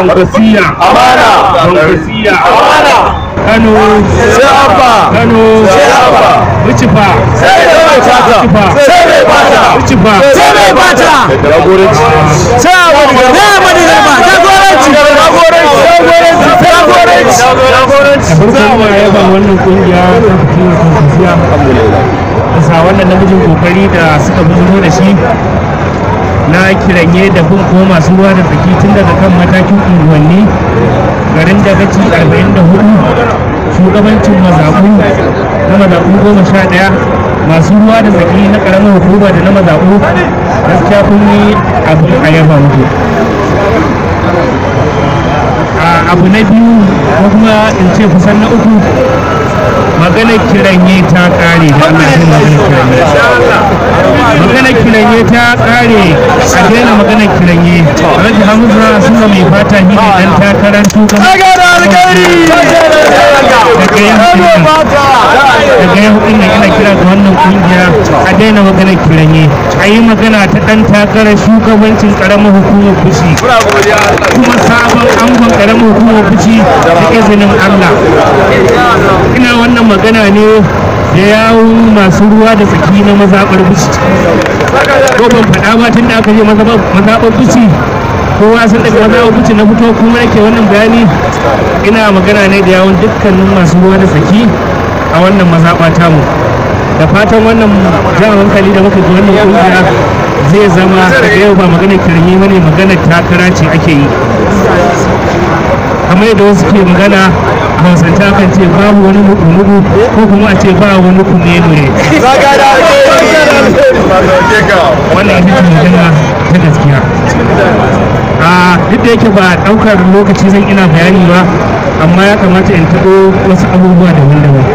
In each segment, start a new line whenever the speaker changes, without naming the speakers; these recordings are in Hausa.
kwankwasiya amana kwankwasiya amana kano sai kano sai mucifa sai da bata sai mai bata mucifa sai mai bata jagoranci sai ne mani ne ma jagoranci jagoranci jagoranci jagoranci jagoranci ya yaba wannan kungiya ta fitin kwankwasiya bisa wannan namijin kokari da suka bujuro da shi na kiranye da bin ko masu ruwa da tsaki tun daga kan matakin unguwanni garin da gaci 44 shugabancin mazaɓu na mazaɓu goma sha ɗaya masu ruwa da tsaki na ƙaramin hukuma da na mazaɓu gaskiya kun yi abu a yaba muku abu na biyu ko kuma in ce kusan na uku magana kiranye ta ƙare da ana yin magana kiranye maganar kiranye ta kare a daina maganar kiranye rage hamza suna mai fata da dan takarar tukan daga yankin daga yankin ina kira ga wannan kungiya a daina maganar kiranye a yi magana ta dan takarar shugabancin karamar hukumar kuci kuma sabon angon karamar hukumar kuci da izinin allah ina wannan magana ne da yawun masu ruwa da tsaki na mazaɓar bici ko ban faɗa ba tun da aka je mazaɓar buci kowa sun daga mazaɓar bici na fito kuma nake wannan bayani ina magana ne da yawun dukkanin masu ruwa da tsaki a wannan mazaɓa tamu da fatan wannan jan hankali da muka ji wannan ƙungiya zai zama da yau ba magana kirmi bane magana takara ce ake yi kamar da wasu ke magana a san kan ce babu wani nugu ko kuma a ce ba wani kunne nure wannan magana ta gaskiya a duk da yake ba daukar lokaci zan ina bayani ba amma ya kamata in taɓo wasu abubuwa daban-daban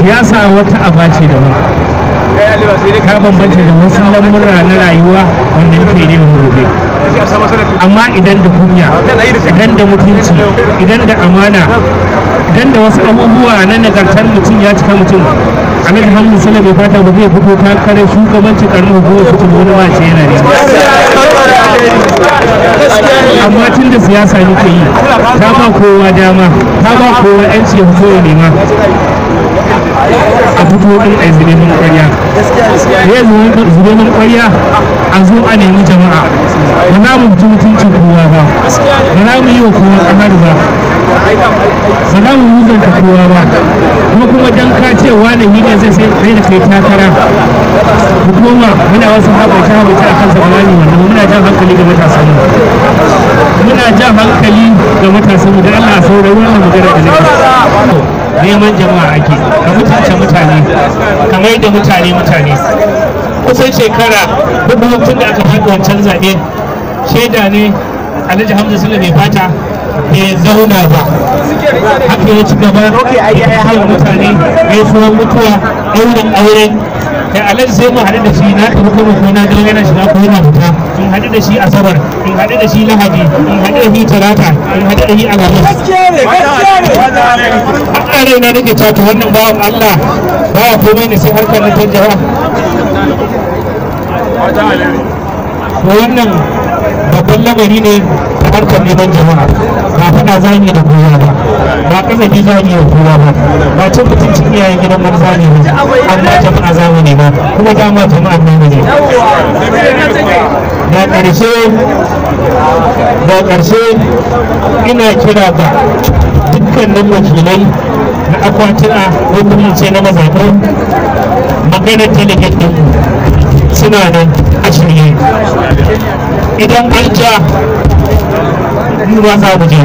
siyasa wata aba ce da ka bambance da wasu lamurra na rayuwa wanda yake ne rube amma idan da kunya idan da mutunci idan da amana idan da wasu abubuwa na nagartar mutum ya cika mutum alhaji hannun sala bai fata ba zai fito ta kare shugabancin karnin hukumar fitin wani ba ce yana ne amma tun da siyasa nake yi ta ba kowa dama ta ba kowa yanci ya fito ya nema a fito din a zube ƙwarya ya zube mana ƙwarya a zo a nemi jama'a ba za mu mutuncin kowa ba ba za mu yi wa kowa ƙamar ba ba za mu muzanta kowa ba kuma kuma dan kacewa ce wani yi ne zai sai da kai takara hukuma muna wasu haɓace haɓace a kan zamani wannan muna jan hankali ga matasan muna jan hankali ga matasa mu da Allah saurari wannan magana da nake neman jama'a ake ka mutace mutane kamar da mutane mutane kusan shekara hudu tun da aka fi wancan zaɓe shaida ne alhaji hamza sula mai fata bai zauna ba haka ya ci gaba ya mutane mai suwan mutuwa ɗaurin auren kai eh, alal sai mu haɗu da shi na tafi kuma ko na ga yana shiga ko yana fita in haɗu da shi asabar in haɗu da shi lahadi in haɗu da shi talata in haɗu da shi alhamis ne raina nake cewa wannan bawan Allah baya komai ne sai harkar na tarjawa wannan babban lamari ne harkar neman jama'a ba faɗa zani da kowa ba ba kasafi zani da kowa ba ba cin cikin yayin gidan wani zani ba amma jama'a ne ba kuma dama jama'a ne ne da ƙarshe da ƙarshe ina kira ga dukkanin wakilai na akwatina ko kuma ce na mazaɓu maganar delegate ɗin suna nan a shirye idan an ja abubuwa za mu je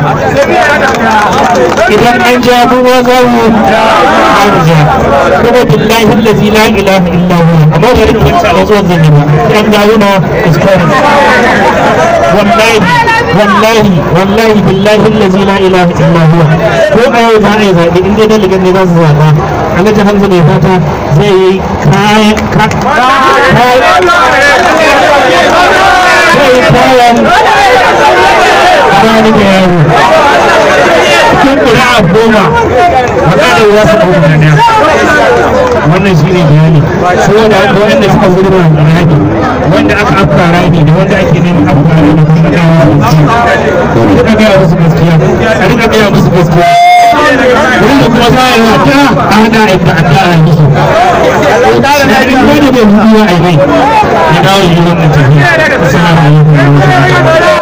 idan an ja abubuwa za mu za mu je kuma billahi allazi la ilaha illa hu amma da rikin sa ba zuwa yi ba kan gawo na kuskure wallahi wallahi wallahi billahi allazi la ilaha illa hu ko a yau za a yi zaɓe inda dai na ligan ne za su zaɓa alhaji hamza mai fata zai yi kayan kayan sani da yawo cikin kuri'a goma a kada za su ɗauka na ɗaya wannan shi ne bayani saboda haka waɗanda suka gudu a rani wanda aka afka rani da wanda ake neman afka rani da kuma dawa a rika gaya musu gaskiya a rika gaya musu gaskiya wanda kuma za a yi wata a hada a yi ta a tara musu na ɗin wani da hudu a yi mai ya dawo yi wannan